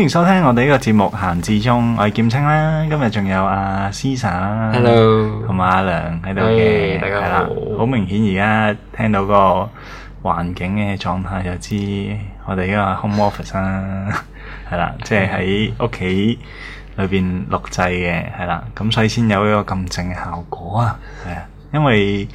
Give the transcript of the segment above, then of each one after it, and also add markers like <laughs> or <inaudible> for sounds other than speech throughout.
歡迎收聽我哋呢個節目《閒置中》，我係劍青啦，今日仲有阿、啊、Caesar，Hello，同埋阿涼喺度嘅，hey, 大家好，好明顯，而家聽到個環境嘅狀態就知我哋呢個 home office 啦、啊，係啦， <laughs> 即係喺屋企裏邊錄製嘅，係啦，咁所以先有呢個咁靜嘅效果啊，係啊，因為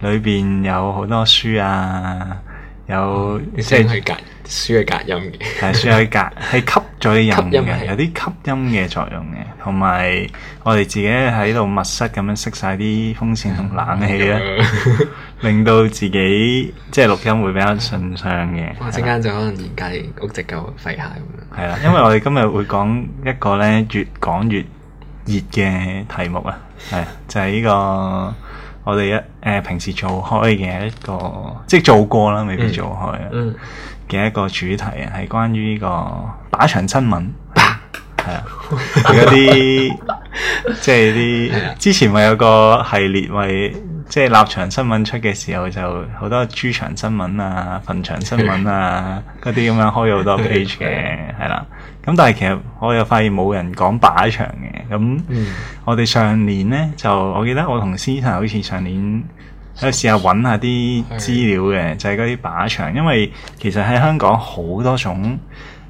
裏邊有好多書啊。有即係、嗯，就是、隔，舒佢隔音嘅，舒佢隔，係 <laughs> 吸咗啲音嘅，有啲吸音嘅作用嘅。同埋我哋自己喺度密室咁樣熄晒啲風扇同冷氣咧， <laughs> 令到自己即係錄音會比較順暢嘅。陣間就可能而家屋隻狗吠下咁樣。係啦， <laughs> 因為我哋今日會講一個咧越講越熱嘅題目啊，係就係、是、呢、這個。我哋一誒、呃、平時做開嘅一個，即係做過啦，未必做開嘅一個主題啊，係關於呢個打場新聞，係、就、啊、是，啲即係啲之前咪有個系列為。即係立場新聞出嘅時候，就好多豬場新聞啊、墳場新聞啊，嗰啲咁樣開咗好多 page 嘅，係啦。 <laughs> <laughs> 咁但係其實我又發現冇人講靶場嘅。咁我哋上年呢，就我記得我同司徒好似上年有時候揾下啲資料嘅，就係嗰啲靶場，因為其實喺香港好多種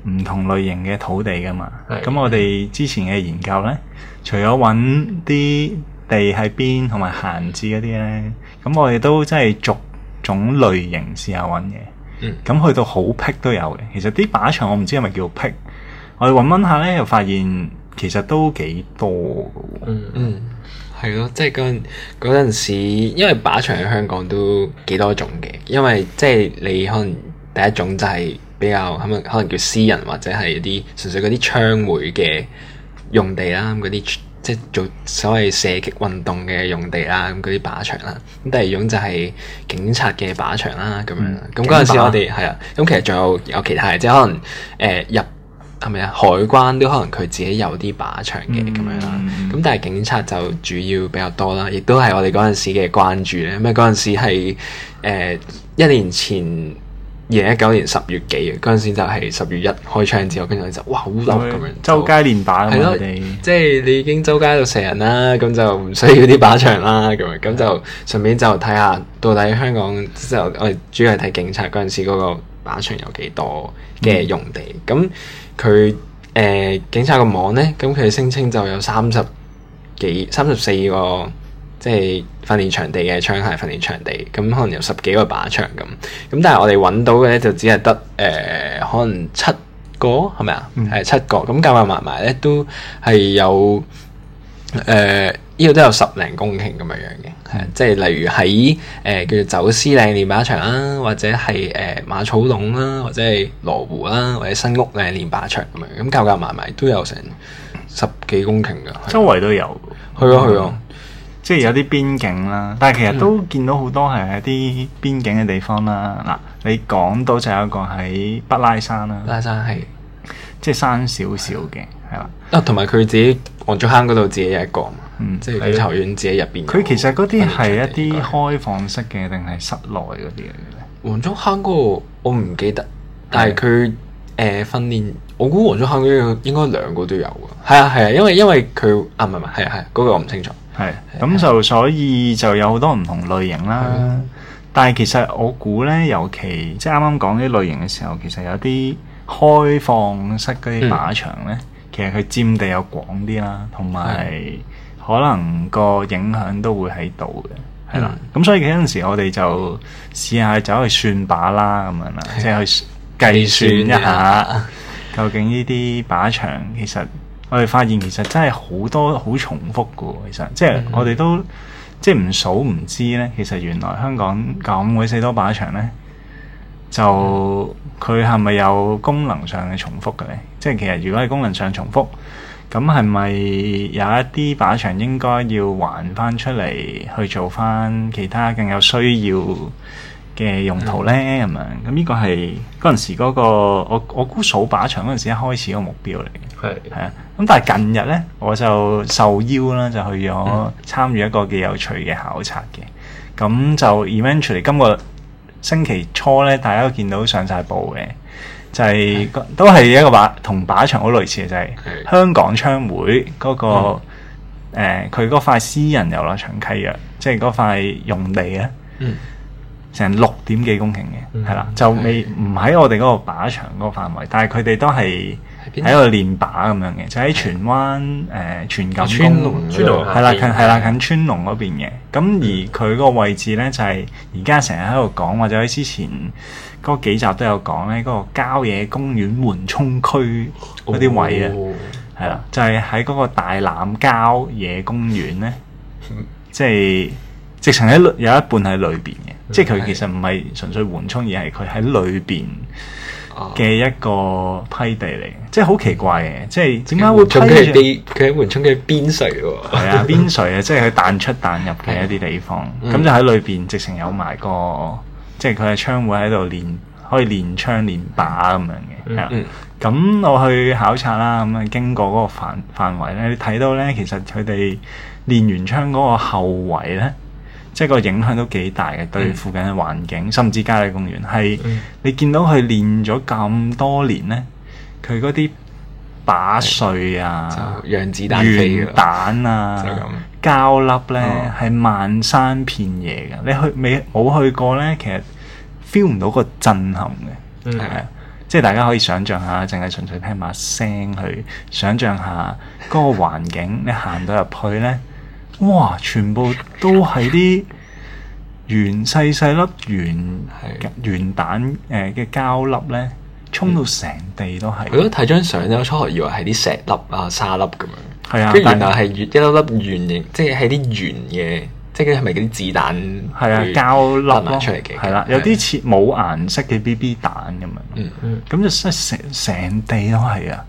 唔同類型嘅土地噶嘛。咁 <laughs> 我哋之前嘅研究呢，除咗揾啲。地喺邊同埋閒置嗰啲咧，咁我哋都真係逐種類型試下揾嘢。咁、嗯、去到好僻都有嘅，其實啲靶場我唔知係咪叫僻，我哋揾揾下咧又發現其實都幾多嘅，嗯嗯，係、嗯、咯、嗯，即係嗰陣嗰陣時，因為靶場喺香港都幾多種嘅，因為即係你可能第一種就係比較可能可能叫私人或者係啲純粹嗰啲槍會嘅用地啦，咁嗰啲。即係做所謂射擊運動嘅用地啦，咁嗰啲靶場啦。咁第二種就係警察嘅靶場啦，咁樣。咁嗰陣時我哋係啊，咁方其實仲有有其他，即係可能誒、呃、入係咪啊？海關都可能佢自己有啲靶場嘅咁、嗯、樣啦。咁但係警察就主要比較多啦，亦都係我哋嗰陣時嘅關注咧。咁啊嗰陣時係、呃、一年前。二零一九年十月幾嗰陣時就係十月一開槍之後，跟住就哇好嬲咁樣周街連靶，係咯的，們即係你已經周街都射人啦，咁就唔需要啲靶場啦，咁樣咁就順便就睇下到底香港就我哋主要係睇警察嗰陣時嗰個靶場有幾多嘅用地，咁佢誒警察個網呢，咁佢聲稱就有三十幾、三十四個。即係訓練場地嘅槍械訓練場地，咁可能有十幾個靶場咁，咁但係我哋搵到嘅咧就只係得誒可能七個係咪啊？係七個咁，夾夾埋埋咧都係有誒呢度都有十零公頃咁樣樣嘅，係即係例如喺誒叫做走私嶺練靶場啦，或者係誒馬草壟啦，或者係羅湖啦，或者新屋嶺練靶場咁樣，咁夾夾埋埋都有成十幾公頃噶，周圍都有，去啊去啊。即係有啲邊境啦，但係其實都見到好多係一啲邊境嘅地方啦。嗱、嗯，你講到就有一個喺北拉山啦。北拉山係即係山少少嘅，係嘛？啊，同埋佢自己黃竹坑嗰度自己有一個嗯，即係足球院自己入邊。佢其實嗰啲係一啲開放式嘅定係室內嗰啲嚟嘅？黃竹坑嗰個我唔記得，的但係佢誒訓練，我估黃竹坑嗰個應該兩個都有啊。係啊，係啊，因為因為佢啊，唔係唔係，係啊係嗰個我唔清楚。係，咁就的所以就有好多唔同類型啦。的但係其實我估呢，尤其即係啱啱講呢類型嘅時候，其實有啲開放式嗰啲靶場呢，嗯、其實佢佔地又廣啲啦，同埋可能個影響都會喺度嘅，係啦的。咁的所以嗰陣時我哋就試下走去算靶啦，咁的樣啦，即係的去計算一下究竟呢啲靶場的 <laughs> 其實。我哋發現其實真係好多好重複嘅，其實、嗯、即係我哋都即係唔數唔知呢。其實原來香港咁鬼死多靶場呢，就佢係咪有功能上嘅重複嘅呢？即係其實如果係功能上重複，咁係咪有一啲靶場應該要還翻出嚟去做翻其他更有需要嘅用途咧咁樣，咁呢個係嗰陣時嗰個我我估數靶場嗰陣時一開始個目標嚟嘅。係係啊，咁但係近日咧，我就受邀啦，就去咗參與一個幾有趣嘅考察嘅。咁就 eventually 今個星期初咧，大家都見到上晒報嘅，就係都係一個靶，同靶場好類似嘅，就係香港槍會嗰個誒，佢嗰塊私人遊樂場契約，即係嗰塊用地咧。嗯。成六點幾公頃嘅，係啦、嗯，的就未唔喺我哋嗰個靶場嗰個範圍，但係佢哋都係喺度練靶咁樣嘅，就喺、是、荃灣誒荃錦，係啦，近係啦，近川龍嗰邊嘅。咁而佢嗰個位置呢，就係而家成日喺度講，或者喺之前嗰幾集都有講咧，嗰、那個郊野公園緩衝區嗰啲位啊，係啦、哦，就係喺嗰個大欖郊，郊野公園呢，即係。直情喺有一半喺裏邊嘅，即係佢其實唔係純粹緩衝，而係佢喺裏邊嘅一個批地嚟嘅，即係好奇怪嘅。即係點解會批佢地佢喺緩衝嘅邊陲喎？係啊， <laughs> 邊陲啊，即係佢彈出彈入嘅一啲地方咁、嗯、就喺裏邊直情有埋個即係佢嘅窗戶喺度練可以練槍練靶咁樣嘅。的嗯，嗯，咁我去考察啦，咁啊經過嗰個範範圍咧，你睇到咧，其實佢哋練完槍嗰個後圍咧。即係個影響都幾大嘅，對附近嘅環境，嗯、甚至嘉裏公園係你見到佢練咗咁多年呢，佢嗰啲靶碎啊、洋子彈，彈、圓啊、膠粒呢，係、嗯、漫山遍野嘅。你去未冇去過呢？其實 feel 唔到個震撼嘅，係啊、嗯！即係大家可以想象下，淨係純粹聽把聲去想象下嗰個環境，你行到入去呢。 <laughs> <laughs> 哇！全部都係啲圓細細粒圓的圓蛋誒嘅膠粒咧，衝到成地都係。我睇張相咧，我初學以為係啲石粒啊、沙粒咁樣，係啊的，原來係一粒粒圓形，即係係啲圓嘅，即係係咪啲子彈？係啊，膠粒出嚟嘅，係啦的，有啲似冇顏色嘅 BB 蛋咁樣。嗯嗯的，咁就真係成成地都係啊！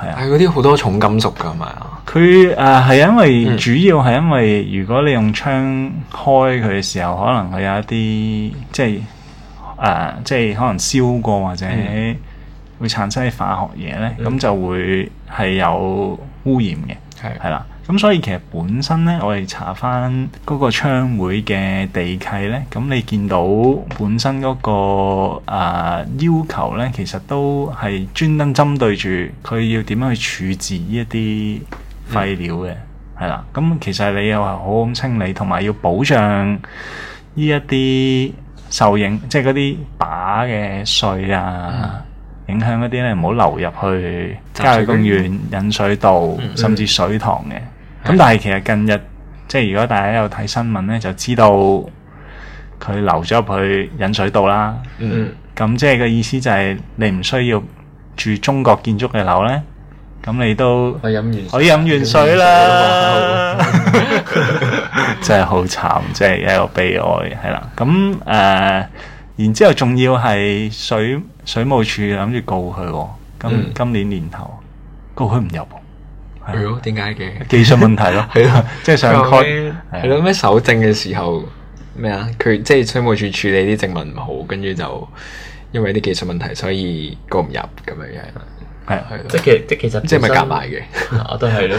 係，係嗰啲好多重金屬噶，係咪啊？佢誒係因為主要係因為，如果你用槍開佢嘅時候，可能佢有一啲即係誒，即係、呃、可能燒過或者係會產生啲化學嘢咧，咁、嗯、就會係有污染嘅，係係啦。的咁所以其實本身呢，我哋查翻嗰個槍會嘅地契呢。咁你見到本身嗰、嗰個啊、呃、要求呢，其實都係專登針對住佢要點樣去處置呢一啲廢料嘅，係啦、嗯。咁其實你又話好好清理，同埋要保障呢一啲受影，即係嗰啲靶嘅水啊，嗯、影響嗰啲呢，唔好流入去郊野公園引水道，嗯、甚至水塘嘅。咁但係其實近日，即係如果大家有睇新聞咧，就知道佢流咗入去引水道啦。咁即係個意思就係你唔需要住中國建築嘅樓咧，咁你都我飲完，佢飲完水啦，真係好慘，即係一個悲哀，係啦。咁誒，然之後仲要係水水務署諗住告佢喎，今今年年頭告佢唔入。係咯，點解嘅？技術問題咯、啊，係 <laughs> 咯， <laughs> 即係想開。係咯的，咩？搜證嘅時候咩啊？佢即係商務處處理啲證文唔好，跟住就因為啲技術問題，所以告唔入咁樣樣。係啊，即係其即係其實即係咪夾埋嘅？我都係咯，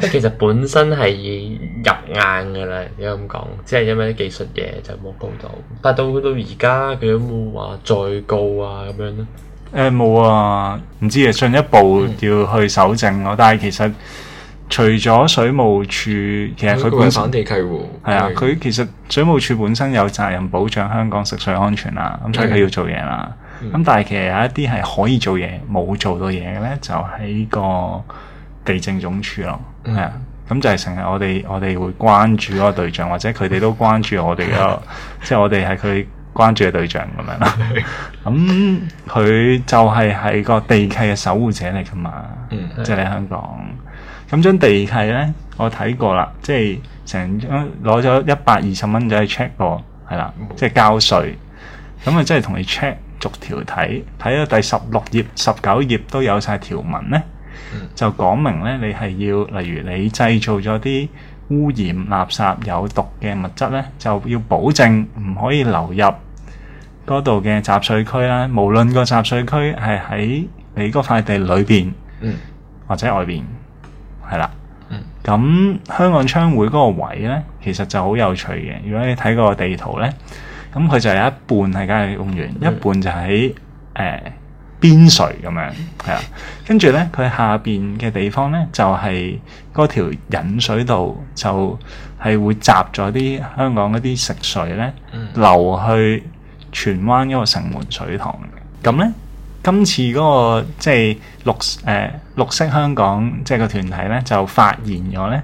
即係其實本身係 <laughs> 入硬噶啦，你咁講，只係因為啲技術嘢就冇告到。但到到而家，佢有冇話再告啊？咁樣咧？誒，冇啊，唔知啊，進一步要去搜證咯。嗯、但係其實除咗水務署，其實佢本身地契喎，係啊，佢的其實水務署本身有責任保障香港食水安全啦，咁所以佢要做嘢啦。咁的、嗯、但係其實有一啲係可以做嘢，冇做到嘢嘅咧，就喺、是、個地政總署咯，係啊、嗯，咁就係成日我哋我哋會關注嗰個對象，或者佢哋都關注我哋嘅，即係 <laughs> 我哋係佢。關注嘅對象咁樣啦，咁佢就係係個地契嘅守護者嚟㗎嘛，即係喺香港。咁將地契咧，我睇過啦，即係成張攞咗一百二十蚊就 check 過，係啦，即係交稅。咁啊，即係同你 check 逐條睇，睇到第十六頁、十九頁都有晒條文咧，就講明咧，你係要例如你製造咗啲污染、垃圾、有毒嘅物質咧，就要保證唔可以流入。嗰度嘅集水區啦，無論個集水區係喺你嗰塊地裏邊，嗯、或者外邊，係啦。咁、嗯、香港槍會嗰個位咧，其實就好有趣嘅。如果你睇個地圖咧，咁佢就有一半係郊野公園，嗯、一半就喺誒邊陲咁樣，係啊。跟住咧，佢下邊嘅地方咧，就係嗰條引水道，就係會集咗啲香港嗰啲食水咧，嗯嗯、流去。荃灣一個城門水塘嘅噉呢，今次嗰、那個即係、就是、綠誒、呃、綠色香港即係、就是、個團體呢，就發現咗呢，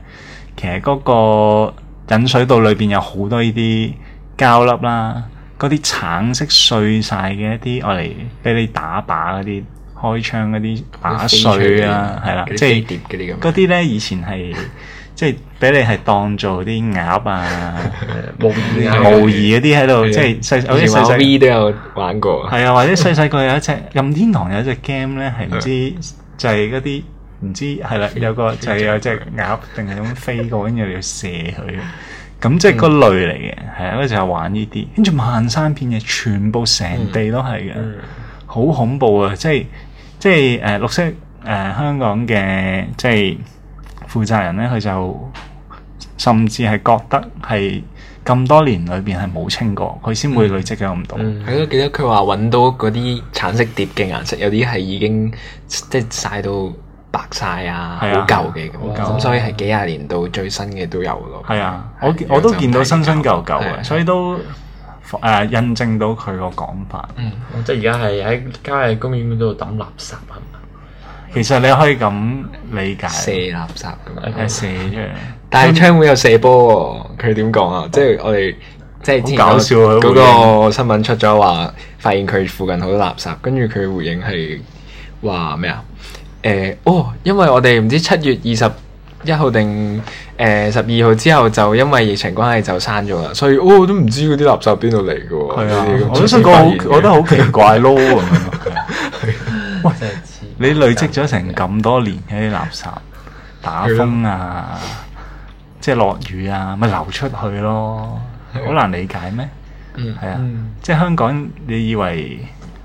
其實嗰個引水道裏邊有好多呢啲膠粒啦、啊，嗰啲橙色碎晒嘅一啲我嚟俾你打靶嗰啲，開槍嗰啲打碎啊，係啦，即係嗰啲呢，以前係。 <laughs> 即係俾你係當做啲鴨啊， <laughs> 樣模擬模擬嗰啲喺度，即係細，好似細細 V 都有玩過。係 <laughs> 啊，或者細細個有一隻任天堂有一隻 game 咧，係唔知就係嗰啲唔知係啦、啊，有個就係有隻鴨定係咁飛過，跟住你要射佢。咁即係個類嚟嘅，係啊，嗰時候玩呢啲，跟住漫山遍野，全部成地都係嘅，好 <laughs> 恐怖啊！即係即係誒、呃、綠色誒、呃、香港嘅即係。即負責人咧，佢就甚至係覺得係咁多年裏邊係冇清過，佢先會累積咁多。嗯，係都記得佢話揾到嗰啲橙色碟嘅顏色，有啲係已經即係晒到白曬啊，好舊嘅咁，咁所以係幾廿年到最新嘅都有咯。係啊，我我都見到新新舊舊嘅，所以都誒印證到佢個講法。嗯，即係而家係喺郊野公園嗰度抌垃圾係咪？其實你可以咁理解，射垃圾咁，係射出了 <laughs> 但係槍會又射波，哦，佢點講啊？ <laughs> 即係我哋即係之前搞笑，嗰個新聞出咗話，發現佢附近好多垃圾，跟住佢回應係話咩啊？誒、呃，哦，因為我哋唔知七月二十一號定誒十二號之後，就因為疫情關係就閂咗啦，所以哦都唔知嗰啲垃圾邊度嚟嘅。係啊，我都，啊，我想他們 我覺得好奇怪咯 <laughs> <laughs> 你累積咗成咁多年嘅啲垃圾，打風啊， <laughs> 的即係落雨啊，咪流出去咯，好難理解咩？係啊， <noise> 即係香港，你以為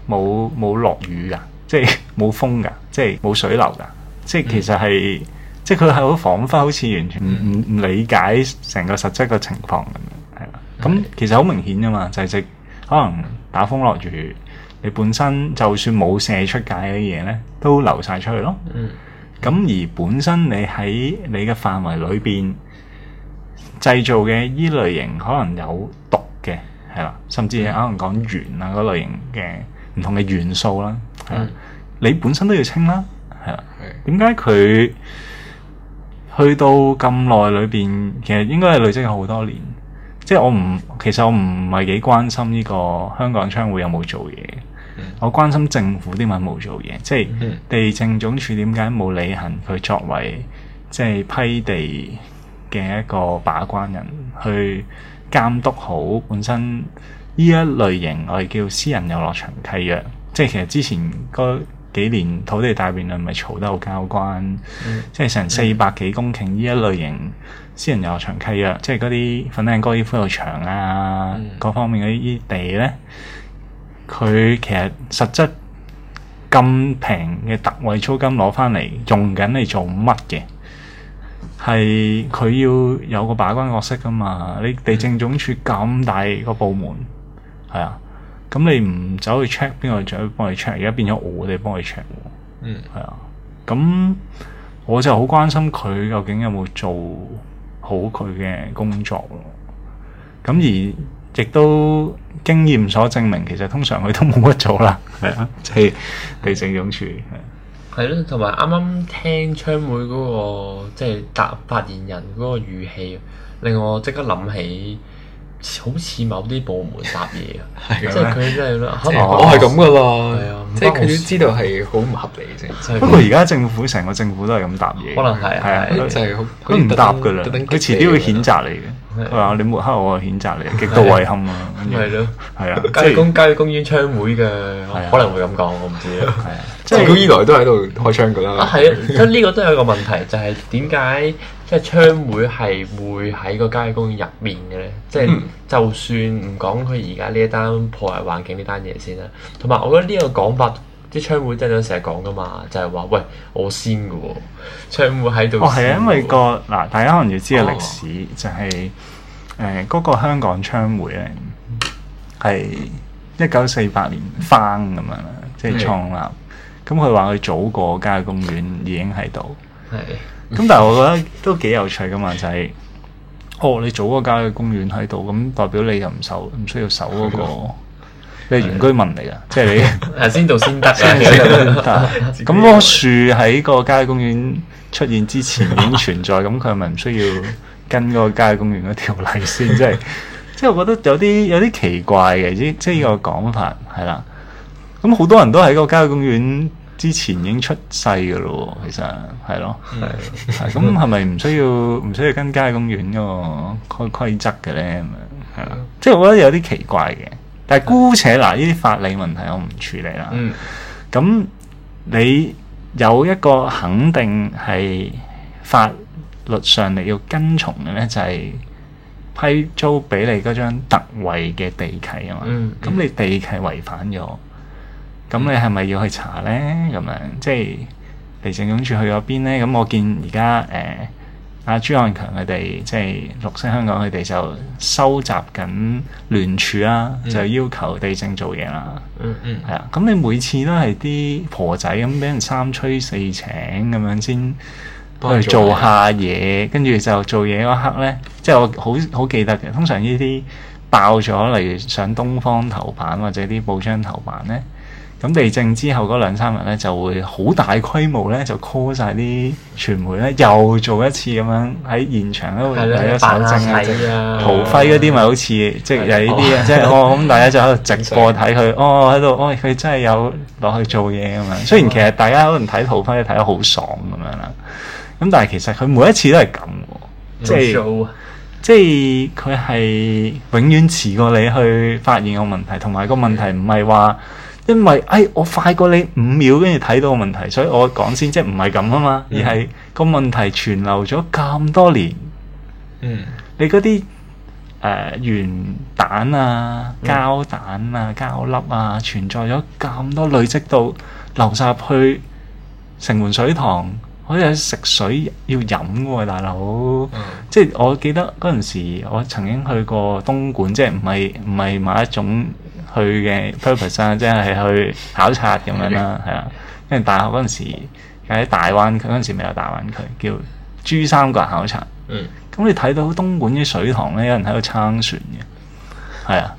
冇冇落雨㗎？即係冇風㗎？即係冇水流㗎？即係其實係 <noise> 即係佢係好彷彿好似完全唔唔唔理解成個實質嘅情況咁樣，係嘛？咁 <noise> 其實好明顯啊嘛，就係直，可能打風落雨，你本身就算冇射出界嗰啲嘢咧。都流晒出去咯。咁而本身你喺你嘅範圍裏邊製造嘅依類型可能有毒嘅係啦，甚至可能講鉛啊嗰類型嘅唔同嘅元素啦。係你本身都要清啦，係啦。點解佢去到咁耐裏邊，其實應該係累積咗好多年。即係我唔，其實我唔係幾關心呢個香港槍會有冇做嘢。我關心政府點解冇做嘢，即係地政總署點解冇履行佢作為即係、就是、批地嘅一個把關人，去監督好本身呢一類型我哋叫私人遊樂場契約，即係其實之前嗰幾年土地大辯論咪嘈得好交關，嗯、即係成四百幾公頃呢一類型私人遊樂場契約，即係嗰啲粉嶺嗰啲高爾夫球場啊，各、嗯、方面嗰啲地咧。佢其實實質咁平嘅特惠租金，攞翻嚟用緊嚟做乜嘅？係佢要有個把關角色噶嘛？你地政總署咁大個部門，係啊，咁你唔走去 check 邊個，就去幫你 check？而家變咗我哋幫你 check 喎。嗯，係啊，咁我就好關心佢究竟有冇做好佢嘅工作咯。咁而亦都。經驗所證明，其實通常佢都冇乜做啦，係啊，即係地政總署係。係咯，同埋啱啱聽槍會嗰個即係答發言人嗰個語氣，令我即刻諗起好似某啲部門答嘢啊，即係佢真係可能我係咁噶啦，即係佢都知道係好唔合理嘅啫。不過而家政府成個政府都係咁答嘢，可能係係啊，就係佢唔答噶啦，佢遲啲會譴責你嘅。係啊，你抹黑我嘅譴責嚟，極度遺憾啊！係咯，係啊，街公街公園槍會嘅，可能會咁講，我唔知啊。係啊，即係佢以來都喺度開槍噶啦。係啊，即係呢個都係一個問題，就係點解即係槍會係會喺個街公園入面嘅咧？即係就算唔講佢而家呢一單破壞環境呢單嘢先啦，同埋我覺得呢個講法。啲槍會啲人成日講噶嘛，就係、是、話：喂，我先噶喎，槍會喺度。哦，係啊，因為、那個嗱，大家可能要知嘅歷史、哦、就係誒嗰個香港槍會咧，係一九四八年翻咁樣啦，即、就、係、是、創立。咁佢話佢早過郊野公園已經喺度。係的。咁、嗯、但係我覺得都幾有趣噶嘛，就係、是，哦，你早過郊野公園喺度，咁代表你就唔守唔需要守嗰、那個。你係原居民嚟噶， <laughs> 即係你係 <laughs> 先到先得嘅。咁棵樹喺個郊野公園出現之前已經存在，咁佢係咪唔需要跟嗰個郊野公園嗰條例先？ <laughs> 即係即係我覺得有啲有啲奇怪嘅，即即係呢個講法係啦。咁好多人都喺個郊野公園之前已經出世噶咯，其實係咯，係咁係咪唔需要唔需要跟郊野公園嗰個規規則嘅咧？咁啊，係啦，即係我覺得有啲奇怪嘅。但係姑且嗱，呢啲法理問題我唔處理啦。嗯，咁你有一個肯定係法律上你要跟從嘅咧，就係、是、批租俾你嗰張特惠嘅地契啊嘛。嗯，嗯，咁你地契違反咗，咁你係咪要去查咧？咁樣即係地政總署去咗邊咧？咁我見而家誒。呃啊！朱漢強佢哋即係綠色香港，佢哋就收集緊聯署啦、啊，嗯、就要求地政做嘢啦、嗯。嗯嗯，係啊。咁你每次都係啲婆仔咁，俾人三催四請咁樣先去做下嘢，跟住就做嘢嗰刻咧，即係我好好記得嘅。通常呢啲爆咗，例如上東方頭版或者啲報章頭版咧。咁地政之後嗰兩三日咧，就會好大規模咧，就 call 晒啲傳媒咧，又做一次咁樣喺現場咧，大家散證啊，塗鴉嗰啲咪好似即係呢啲啊，即係我咁大家就喺度直播睇佢的哦喺度，哦佢真係有落去做嘢啊嘛。雖然其實大家可能睇塗鴉睇得好爽咁樣啦，咁但係其實佢每一次都係咁，即係即係佢係永遠遲過你去發現個問題，同埋個問題唔係話。因為誒、哎、我快過你五秒，跟住睇到個問題，所以我講先，即係唔係咁啊嘛，而係個問題存留咗咁多年。嗯，你嗰啲誒原蛋啊、膠蛋啊、膠粒啊，存在咗咁多累積到流晒入去城門水塘，好似食水要飲喎、啊，大佬。嗯、即係我記得嗰陣時，我曾經去過東莞，即係唔係唔係買一種。去嘅 purpose、啊、即係去考察咁樣啦，係 <laughs> 啊，因為大學嗰陣時喺大灣區嗰陣時未有大灣區，叫珠三角考察。嗯，咁你睇到東莞啲水塘咧，有人喺度撐船嘅，係啊，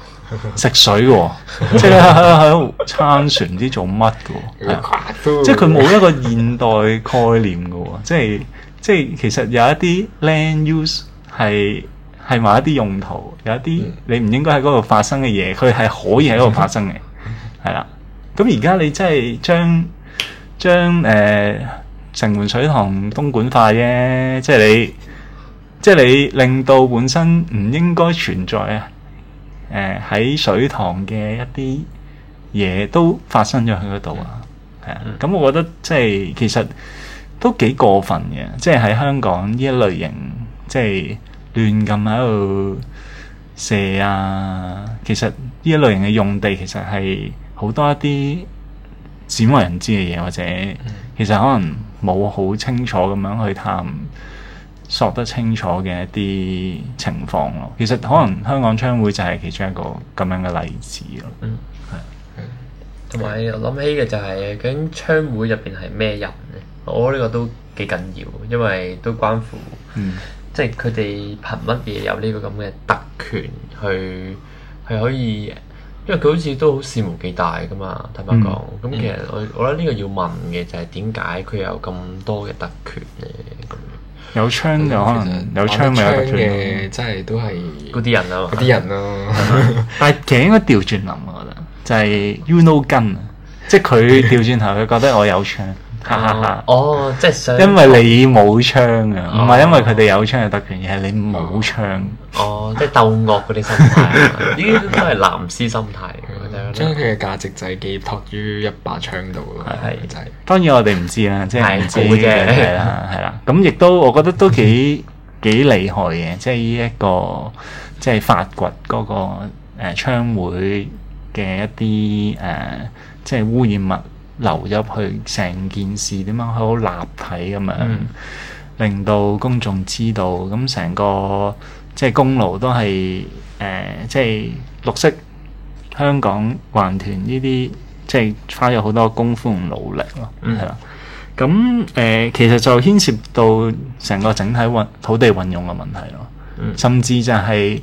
食水嘅、哦， <laughs> 即係喺度撐船唔知做乜嘅，啊、 <laughs> 即係佢冇一個現代概念嘅喎、哦，即係即係其實有一啲 land use 係。係埋一啲用途，有一啲你唔應該喺嗰度發生嘅嘢，佢係可以喺嗰度發生嘅，係啦。 <laughs> 咁而家你真係將將誒城、呃、門水塘東莞化啫，即係你即係你令到本身唔應該存在啊誒喺水塘嘅一啲嘢都發生咗喺嗰度啊。係啊， <laughs> 咁我覺得即係其實都幾過分嘅，即係喺香港呢一類型即係。亂咁喺度射啊！其實呢一類型嘅用地其實係好多一啲鮮為人知嘅嘢，或者其實可能冇好清楚咁樣去探索得清楚嘅一啲情況咯。其實可能香港槍會就係其中一個咁樣嘅例子咯。嗯，係。同埋我諗起嘅就係究竟槍會入邊係咩人呢？我呢個都幾緊要，因為都關乎。嗯。即係佢哋憑乜嘢有呢個咁嘅特權去係可以，因為佢好似都好肆無忌憚噶嘛，坦白講。咁、嗯、其實我我覺得呢個要問嘅就係點解佢有咁多嘅特權咧？咁、嗯、有槍就可能有槍，咪有特權。即係都係嗰啲人咯、啊，嗰啲人咯、啊。但係其實應該調轉諗，我覺得就係 you know 根即係佢調轉頭，佢覺得我有槍。哈哈哈！哦，即係想，因為你冇槍啊，唔係、哦、因為佢哋有槍嘅特權，而係你冇槍。哦，即係鬥惡嗰啲心態，呢啲都係藍絲心態。將佢嘅價值就係寄託於一把槍度咯，係。當然我哋唔知啦，即係唔知嘅，係啦。咁亦都，我覺得都幾幾厲害嘅，即係呢一個即係、就是這個就是、發掘嗰、嗰個誒槍會嘅一啲誒即係污染物。流入去成件事點樣好立體咁樣，嗯、令到公眾知道，咁成個即係、就是、功勞都係誒，即、呃、係、就是、綠色香港環團呢啲，即、就、係、是、花咗好多功夫同努力咯，係啦、嗯。咁誒、呃，其實就牽涉到成個整體運土地運用嘅問題咯，嗯、甚至就係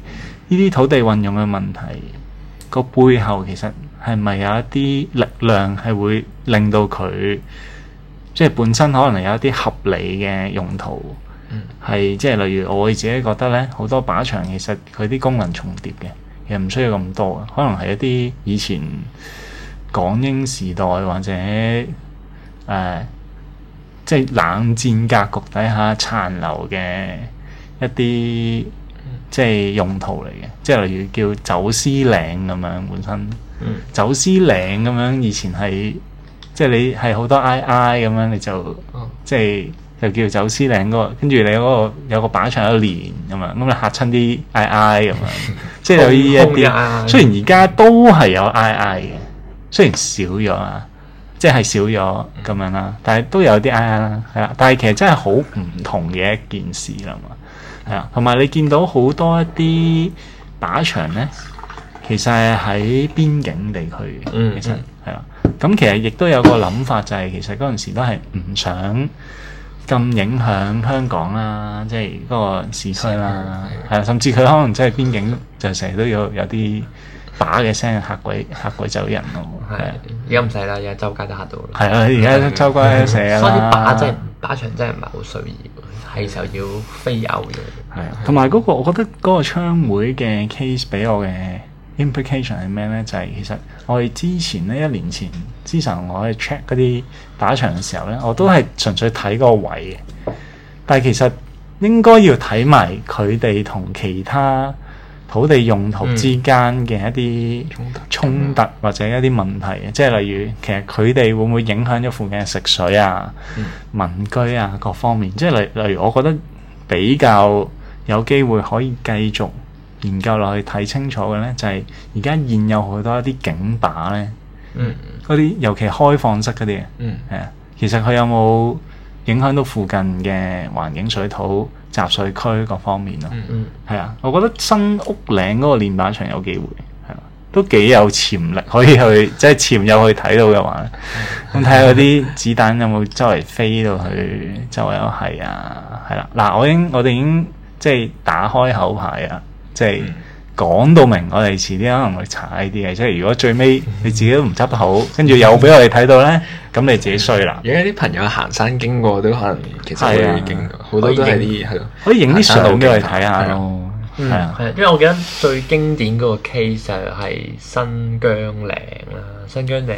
呢啲土地運用嘅問題，個背後其實係咪有一啲力量係會？令到佢即係本身可能有一啲合理嘅用途，係、嗯、即係例如我自己覺得咧，好多靶場其實佢啲功能重疊嘅，其實唔需要咁多，可能係一啲以前港英時代或者誒、呃、即係冷戰格局底下殘留嘅一啲即係用途嚟嘅，即係例如叫走私嶺咁樣，本身，嗯、走私嶺咁樣以前係。即係你係好多 I I 咁樣，你就即係就叫走私領嗰個，跟住你嗰個有一個靶場喺度連咁啊，咁啊嚇親啲 I I 咁啊， <laughs> 即係有呢一啲。 <laughs> 雖然而家都係有 I I 嘅，雖然少咗，啊，即係少咗咁樣啦，但係都有啲 I I 啦，係啊。但係其實真係好唔同嘅一件事啦嘛，係啊。同埋你見到好多一啲靶場咧，其實係喺邊境地區嘅，嗯嗯，其實係啊。咁、嗯、其實亦都有個諗法，就係、是、其實嗰陣時都係唔想咁影響香港啦，即係嗰個市區啦，係啊，甚至佢可能真係邊境就成日都要有啲打嘅聲嚇鬼嚇鬼走人咯，係而家唔使啦，而家的周街都嚇到，係啊，而家周街都死啦， <laughs> 所以把真、就、係、是、把場真係唔係好需要，係 <laughs> 時候要飛鏢嘅，係同埋嗰個， <laughs> 我覺得嗰個槍會嘅 case 俾我嘅。Implication 係咩咧？就係、是、其實我哋之前咧一年前之前，我去 check 嗰啲打場嘅時候咧，我都係純粹睇個位嘅。但係其實應該要睇埋佢哋同其他土地用途之間嘅一啲衝突或者一啲問題，即係例如其實佢哋會唔會影響咗附近嘅食水啊、民居啊各方面？即係例例如，我覺得比較有機會可以繼續。研究落去睇清楚嘅咧，就係而家現有好多一啲警靶咧，嗰啲尤其開放式嗰啲，誒，其實佢有冇影響到附近嘅環境、水土、集水區各方面咯？係啊，我覺得新屋嶺嗰個練靶場有機會，係嘛，都幾有潛力可以去，即係潛入去睇到嘅話，咁睇下啲子彈有冇周圍飛到去周圍有，係啊，係啦，嗱，我已經我哋已經即係打開口牌啊！即係講到明，我哋遲啲可能會查呢啲嘅。即係如果最尾你自己都唔執得好，跟住又俾我哋睇到咧，咁你自己衰啦。而家啲朋友行山經過都可能其實會經好、啊、多都啲，係可以影啲相俾我哋睇下咯。係啊，係啊，啊，因為我記得最經典嗰個 case 係新疆嶺啦，新疆嶺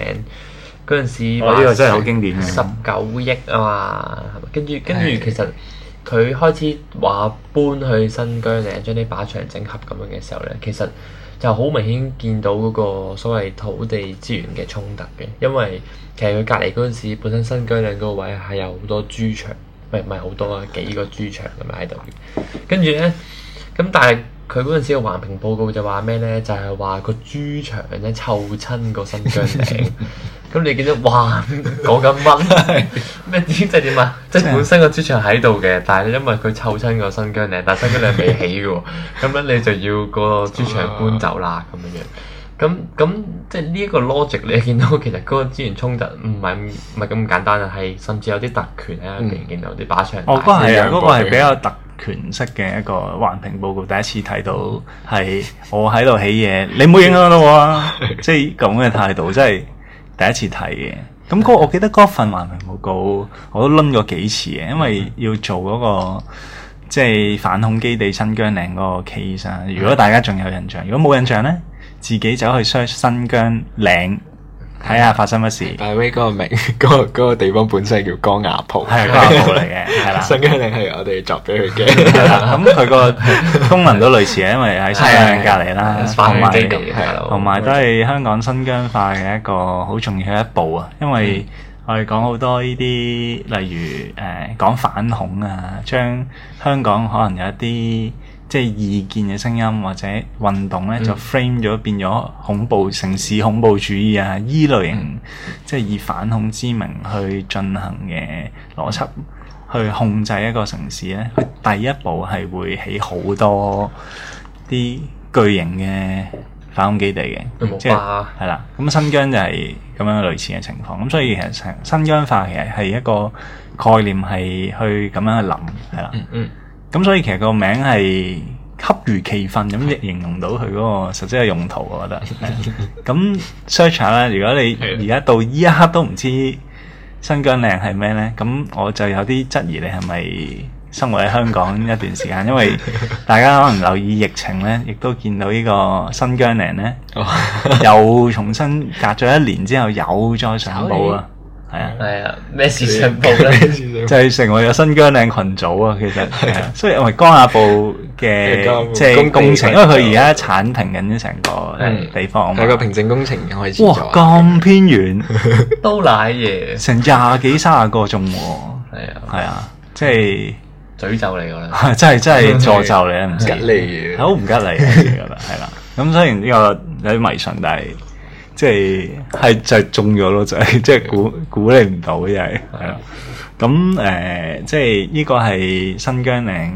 嗰陣時，我呢、哦呢個真係好經典十九億啊嘛，跟住跟住其實。佢開始話搬去新疆嶺，將啲靶場整合咁樣嘅時候呢，其實就好明顯見到嗰個所謂土地資源嘅衝突嘅，因為其實佢隔離嗰陣時本身新疆嶺嗰個位係有好多豬場，唔係唔係好多啊，幾個豬場咁樣喺度，跟住呢，咁但係佢嗰陣時嘅環評報告就話咩呢？就係、是、話個豬場咧臭親個新疆嶺。 <laughs> 咁你見到哇講緊乜啊？咩天氣點啊？即係本身個豬場喺度嘅，但係因為佢湊親個新疆咧，但新疆咧未起嘅喎，咁咧 <laughs> 你就要個豬場搬走啦咁樣樣。咁咁即係呢一個 logic，你見到其實嗰個資源衝突唔係唔係咁簡單啊，係甚至有啲特權咧，突然、嗯嗯、見到啲靶場。哦、嗯，嗰個係啊，嗰個係比較特權式嘅一個環評報告，第一次睇到係我喺度起嘢，你唔好影響到我啊！即係咁嘅態度，即係。第一次睇嘅，咁嗰我記得嗰份環評報告，我都攆過幾次嘅，因為要做嗰個即係反恐基地新疆嶺嗰個 case 啊。如果大家仲有印象，如果冇印象呢，自己走去 search 新疆嶺。睇下發生乜事？大威嗰個名，嗰、嗰個嗰個地方本身係叫江牙浦，係江牙浦嚟嘅。係啦，新疆定係我哋作俾佢驚咁。佢個的 <laughs> 功能都類似，係因為喺西疆隔離啦，同埋都係香港新疆化嘅一個好重要嘅一步啊。因為我哋講好多呢啲，例如誒、呃、講反恐啊，將香港可能有一啲。即係意見嘅聲音或者運動咧，就 frame 咗變咗恐怖城市、恐怖主義啊，依類型即係以反恐之名去進行嘅邏輯，去控制一個城市咧。佢第一步係會起好多啲巨型嘅反恐基地嘅，即係係啦。咁新疆就係咁樣類似嘅情況。咁所以其實新新疆化其實係一個概念，係去咁樣去諗，係啦。咁所以其實個名係恰如其分咁亦形容到佢嗰個實際嘅用途，我覺得。咁 search 啦，如果你而家到依一刻都唔知新疆靚係咩呢，咁我就有啲質疑你係咪生活喺香港一段時間，因為大家可能留意疫情呢，亦都見到呢個新疆靚呢， <laughs> 又重新隔咗一年之後又再上報啊。 <laughs> 係啊，係啊，咩事上報咧？就係成為咗新疆靚群組啊！其實，所以我咪江下部嘅即係工程，因為佢而家鏟平緊成個地方嘛。個平整工程已經開始。哇，咁偏遠，都瀨嘢，成廿幾卅個鐘。係啊，係啊，即係詛咒嚟噶啦，真係真係助咒嚟，唔吉利，好唔吉利，係啦，係啦。咁雖然呢個有啲迷信，但係。即係係就係中咗咯，就係即係估估你唔到又係，係啊。咁誒，即係呢個係新疆領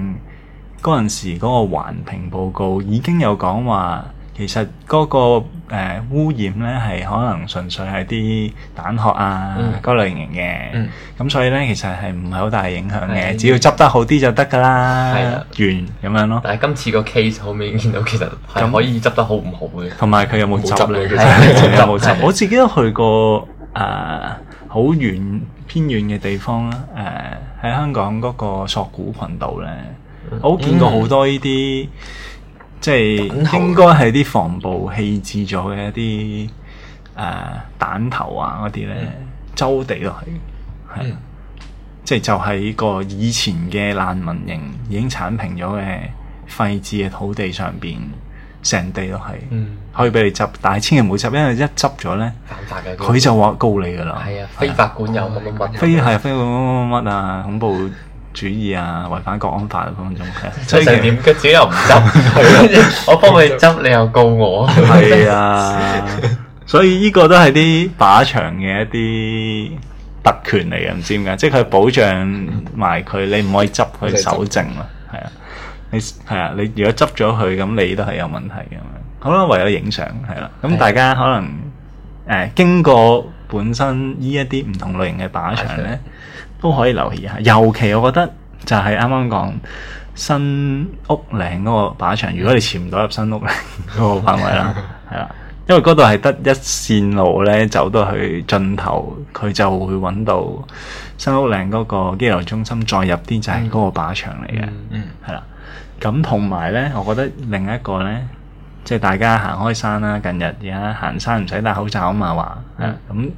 嗰陣時嗰個環評報告已經有講話，其實嗰個。誒污染咧係可能純粹係啲蛋殼啊嗰類型嘅，咁所以咧其實係唔係好大影響嘅，只要執得好啲就得㗎啦，係啊，完咁樣咯。但係今次個 case 後面見到其實就可以執得好唔好嘅，同埋佢有冇執你其實係冇執。我自己都去過誒好遠偏遠嘅地方啦，誒喺香港嗰個索罟羣島咧，我都見過好多呢啲。即係應該係啲防暴棄置咗嘅一啲誒彈頭啊嗰啲咧，呢嗯、周地落去，係啊、嗯，即係就喺個以前嘅難民營已經剷平咗嘅廢置嘅土地上邊，成地都係，嗯，可以俾你執，但係千祈唔好執，因為一執咗咧，佢就話告你噶啦，係啊，啊非法管有乜乜乜，非係非法管乜乜乜啊，恐怖！ <laughs> 主義啊，違反國安法啊，嗰種嘅。所以點，佢自己又唔執，我幫佢執，你又告我。係啊 <laughs> 所以呢個都係啲靶場嘅一啲特權嚟嘅，唔知點解，即係佢保障埋佢，你唔可以執佢守正。啊。係啊， <laughs> 你係啊，你如果執咗佢，咁你都係有問題嘅。好啦，為咗影相係啦，咁大家可能誒、呃、經過本身呢一啲唔同類型嘅靶場咧。 <laughs> <laughs> 都可以留意下，尤其我覺得就係啱啱講新屋嶺嗰個靶場，如果你潛唔到入新屋嶺嗰個範圍啦，係啦， <laughs> 因為嗰度係得一線路咧，走到去盡頭，佢就會揾到新屋嶺嗰個扣留中心，再入啲就係、是、嗰個靶場嚟嘅，係啦、嗯。咁同埋呢，我覺得另一個呢，即、就、係、是、大家行開山啦、啊，近日而家行山唔使戴口罩啊嘛話，咁。嗯嗯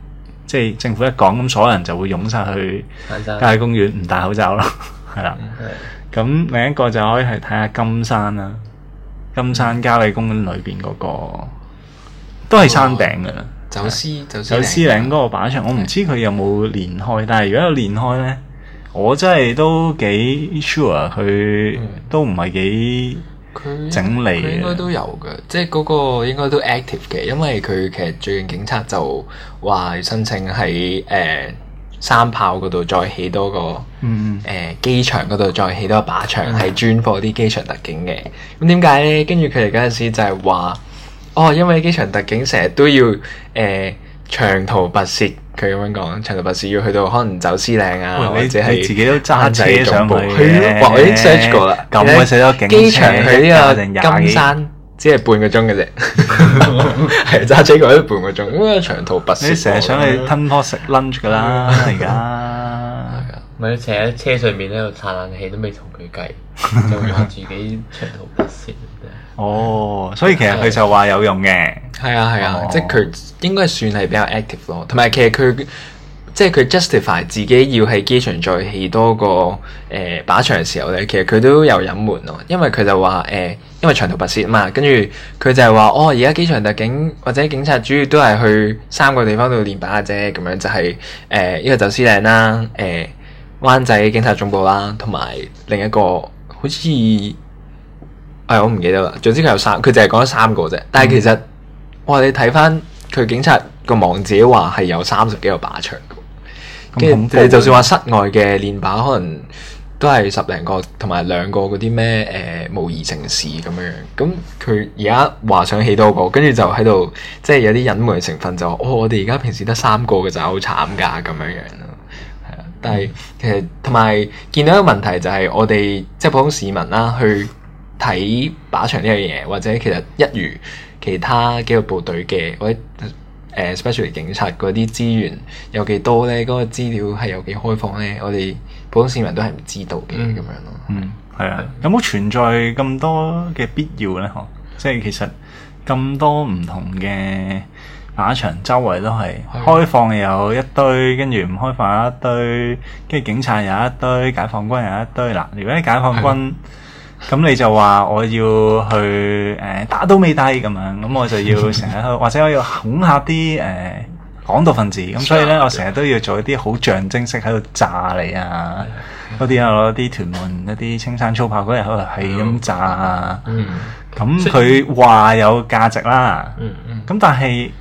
即係政府一講，咁所有人就會湧曬去郊野公園唔戴口罩咯，係啦。咁另一個就可以係睇下金山啦，金山郊野公園裏邊嗰個都係山頂噶啦，走私走私嶺嗰個靶場，我唔知佢有冇連開，但係如果有連開呢，我真係都幾 sure 佢都唔係幾。佢整理嘅，應該，應該都有嘅，即係嗰個應該都 active 嘅，因為佢其實最近警察就話申請喺誒三炮嗰度再起多個，嗯、呃，機場嗰度再起多個靶場，係、嗯、專放啲機場特警嘅。咁點解呢？跟住佢哋嗰陣時就係話，哦，因為機場特警成日都要誒、呃、長途跋涉。佢咁樣講長途跋涉要去到可能走私嶺啊，喂或者係自己都揸車步上部嘅對，我已經 search 過啦，咁嘅事都機場去呢個金山只，金山只係半個鐘嘅啫，係揸車過去都半個鐘，咁為長途跋涉。成日想去吞坡食 lunch 噶啦，而家咪成日喺車上面喺度嘆冷氣都未同佢計，就自己長途跋涉。哦，所以其實佢就話有用嘅，係啊係啊，哦、即係佢應該算係比較 active 咯。同埋其實佢即係、就、佢、是、justify 自己要喺機場再起多個誒靶、呃、場嘅時候咧，其實佢都有隱瞞咯。因為佢就話誒、呃，因為長途跋涉啊嘛，跟住佢就係話哦，而家機場特警或者警察主要都係去三個地方度練靶啫，咁樣就係、是、誒、呃、一個走私嶺啦，誒、呃、灣仔警察總部啦，同埋另一個好似。係我唔記得啦。總之佢有三，佢就係講咗三個啫。但係其實，嗯、哇！你睇翻佢警察個網，自己話係有三十幾個靶場，跟住就算話室外嘅練靶，可能都係十零個，同埋兩個嗰啲咩誒模擬城市咁樣樣。咁佢而家話想起多個，跟住就喺度，即係有啲隱瞞成分就。就哦，我哋而家平時得三個嘅就係好慘噶咁樣樣咯。係、嗯、啊，嗯、但係其實同埋見到一個問題就係我哋即係普通市民啦，去。睇靶場呢樣嘢，或者其實一如其他幾個部隊嘅，或者誒 special 警察嗰啲資源有幾多呢嗰、嗰個資料係有幾開放呢？我哋普通市民都係唔知道嘅咁樣咯。嗯，係啊，有冇存在咁多嘅必要呢？嗬，即係其實咁多唔同嘅靶場周圍都係的開放，有一堆，跟住唔開放一堆，跟住警察有一堆，解放軍有一堆啦。如果解放軍咁你就話我要去誒、呃、打都未低咁樣，咁我就要成日去， <laughs> 或者我要恐嚇啲誒、呃、港獨分子，咁所以咧 <laughs> 我成日都要做一啲好象徵式喺度炸你啊嗰啲啊攞啲屯門 <laughs> 一啲青山粗炮嗰日喺度係咁炸啊，咁佢話有價值啦，咁但係。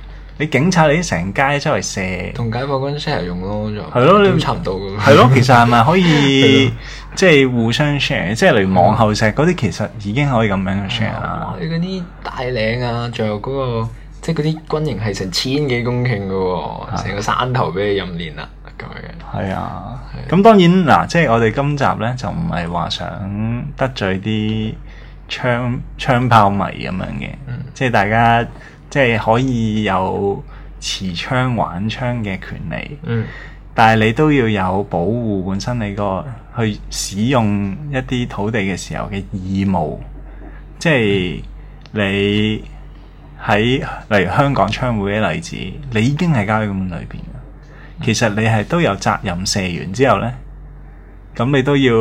你警察你成街周圍射，同解放軍 share 用咯，就係咯，你都插唔到㗎嘛。係咯，其實係咪可以即係互相 share？即係例如網後石嗰啲，其實已經可以咁樣 share 啦。你嗰啲大嶺啊，仲有嗰個即係嗰啲軍營係成千幾公頃嘅喎，成個山頭俾你任練啦咁樣。係啊，咁當然嗱，即係我哋今集咧就唔係話想得罪啲槍槍炮迷咁樣嘅，即係大家。即係可以有持槍玩槍嘅權利，嗯、但係你都要有保護本身你個去使用一啲土地嘅時候嘅義務。即係你喺例如香港槍會嘅例子，你已經係交喺咁裏邊嘅。其實你係都有責任射完之後呢，咁你都要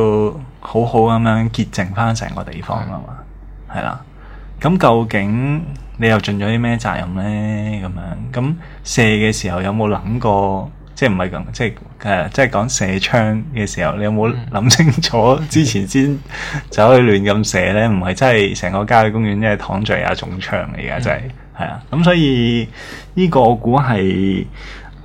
好好咁樣潔淨翻成個地方啊嘛，係啦、嗯。咁究竟你又盡咗啲咩責任咧？咁樣咁射嘅時候有冇諗過？即係唔係咁？即係誒？即係講射槍嘅時候，你有冇諗清楚之前先走去以亂咁射咧？唔係真係成個郊野公園真係躺着也中槍，而家真係係啊。咁、啊就是嗯啊、所以呢個我估係誒、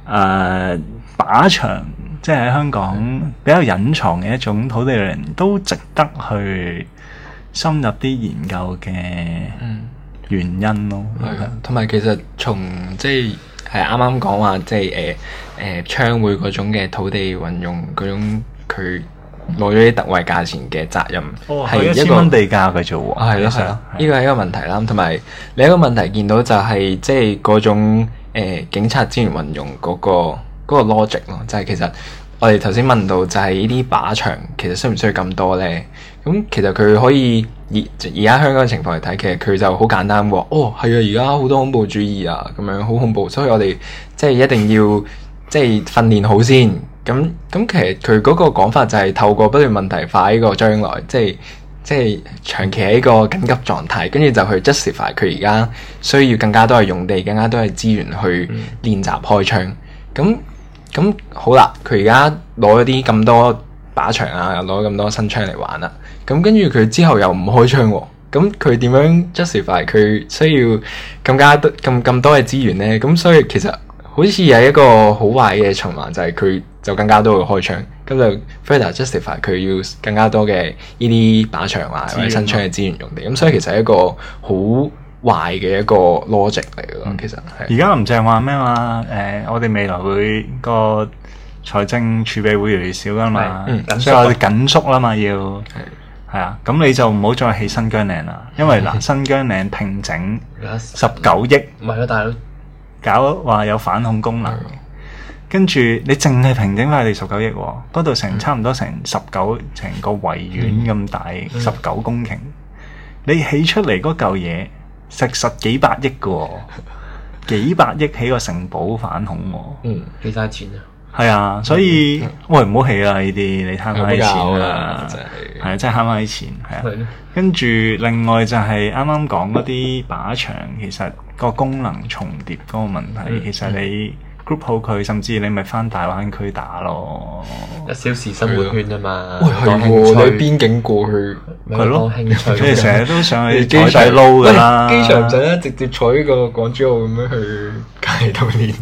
呃、靶場，即係喺香港比較隱藏嘅一種土地類都值得去深入啲研究嘅原因咯，係啊、嗯，同埋、嗯、其實從即係係啱啱講話即係誒誒槍會嗰種嘅土地運用嗰種佢攞咗啲特惠價錢嘅責任，係、哦、一,一千蚊地價嘅啫喎，係咯係咯，呢個係一個問題啦。同埋另一個問題見到就係、是、即係嗰種、呃、警察資源運用嗰、那個嗰、那個 logic 咯，就係其實我哋頭先問到就係呢啲靶場其實需唔需要咁多咧？咁其實佢可以而而家香港嘅情況嚟睇，其實佢就好簡單喎。哦，係啊，而家好多恐怖主義啊，咁樣好恐怖，所以我哋即係一定要即係訓練好先。咁咁其實佢嗰個講法就係透過不斷問題化呢個將來，即係即係長期喺一個緊急狀態，跟住就去 justify 佢而家需要更加多嘅用地、更加多嘅資源去練習開槍。咁咁好啦，佢而家攞咗啲咁多。靶場啊，攞咁多新槍嚟玩啦、啊。咁跟住佢之後又唔開槍喎、啊。咁佢點樣 justify？佢需要更加多、更更多嘅資源呢？咁所以其實好似有一個好壞嘅循環，就係佢就更加多嘅開槍，咁就 further justify 佢要更加多嘅呢啲靶場啊或者新槍嘅資源用地。咁所以其實一個好壞嘅一個 logic 嚟嘅咯、啊，嗯、其實。而家林鄭淨係話咩嘛、啊？誒、呃，我哋未來會個。財政儲備會越嚟越少噶嘛，所以話緊縮啦嘛，要係啊，咁你就唔好再起新疆嶺啦，因為嗱，新疆嶺平整十九億，唔係啊大佬，搞話有反恐功能，跟住你淨係平整翻你十九億，嗰度成差唔多成十九成個圍園咁大，十九公頃，你起出嚟嗰嚿嘢，食十幾百億嘅喎，幾百億起個城堡反恐，嗯，幾曬錢啊！係 <music> 啊，所以喂唔好起啦呢啲，你慳翻啲錢啦，係啊，真係慳翻啲錢，係啊。跟住另外就係啱啱講嗰啲靶場，其實個功能重疊嗰個問題，嗯、其實你 group 好佢，甚至你咪翻大灣區打咯，一小時生活圈啊嘛的。喂，係邊境過去係的咯，你成日都想去機場撈噶啦，機場唔使啦，直接坐呢個港珠澳咁樣去隔籬度練。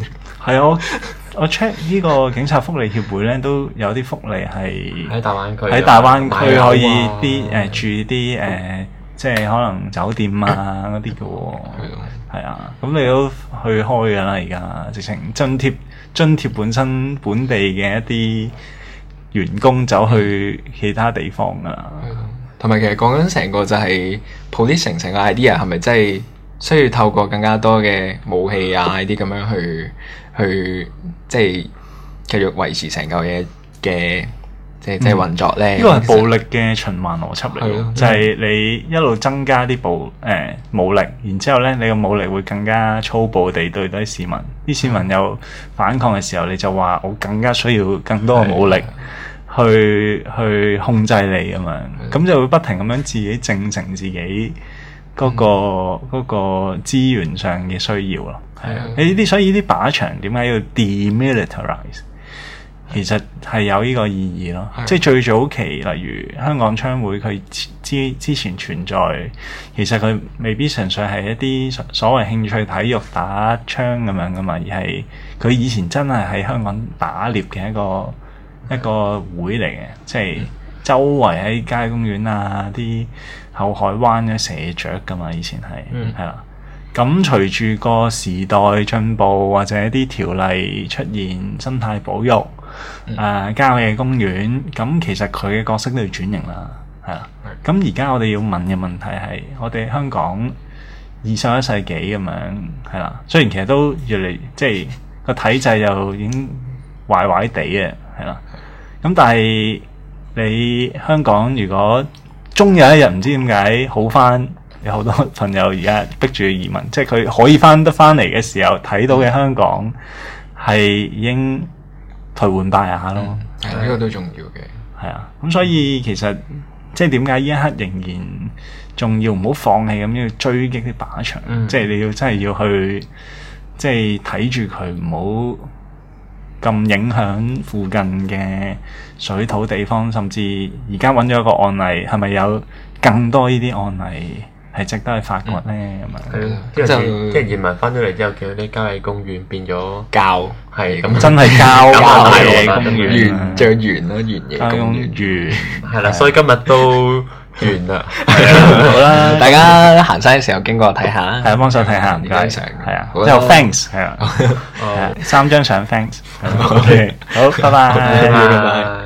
係啊是的。 <laughs> 我 check 呢個警察福利協會咧，都有啲福利係喺大灣區、啊，喺大灣區可以啲誒、啊啊、住啲誒，啊嗯、即係可能酒店啊嗰啲嘅喎。係啊，係啊，咁你都去開噶啦，而家直情津貼津貼本身本地嘅一啲員工走去其他地方噶啦。同埋其實講緊成個就係 p 啲成成 idea 係咪真係需要透過更加多嘅武器啊啲咁樣去？去即係繼續維持成嚿嘢嘅即係即係運作咧，呢個係暴力嘅循環邏輯嚟嘅。就係你一路增加啲暴誒、呃、武力，然之後咧你嘅武力會更加粗暴地對待啲市民，啲、嗯、市民有反抗嘅時候，你就話我更加需要更多嘅武力去、嗯、去,去控制你啊嘛，咁、嗯、就會不停咁樣自己證成自己。嗰個嗰個資源上嘅需要咯，係啊的，你呢啲，所以呢啲靶場點解要 demilitarize？其實係有呢個意義咯，的即係最早期，例如香港槍會，佢之之前存在，其實佢未必純粹係一啲所謂興趣體育打槍咁樣噶嘛，而係佢以前真係喺香港打獵嘅一個的一個會嚟嘅，即係周圍喺街公園啊啲。後海灣嘅社雀噶嘛，以前係，係啦。咁隨住個時代進步或者啲條例出現生態保育，誒郊野公園，咁其實佢嘅角色都要轉型啦，係啦。咁而家我哋要問嘅問題係，我哋香港二十一世紀咁樣，係啦。雖然其實都越嚟即係個體制又已經壞壞地嘅，係啦。咁但係你香港如果終有一日唔知點解好返，有好多朋友而家逼住移民，即係佢可以返得返嚟嘅時候，睇到嘅香港係已經頹垣敗瓦咯。呢個都重要嘅。係啊，咁所以其實即係點解呢一刻仍然仲要唔好放棄咁樣去追擊啲靶場，嗯、即係你要真係要去即係睇住佢唔好。咁影響附近嘅水土地方，甚至而家揾咗一個案例，係咪有更多呢啲案例係值得去發掘呢？咁啊、嗯，即係移民翻咗嚟之後，見到啲郊野公園變咗郊，係咁，真係郊野公園，像園啦，郊、啊、野公，公園，係啦， <laughs> 所以今日都。完啦，好啦，大家行山嘅時候經過睇下，係啊，幫手睇下唔該晒，係啊，好，Thanks，係啊，三張相 Thanks，OK，好，拜拜，拜拜。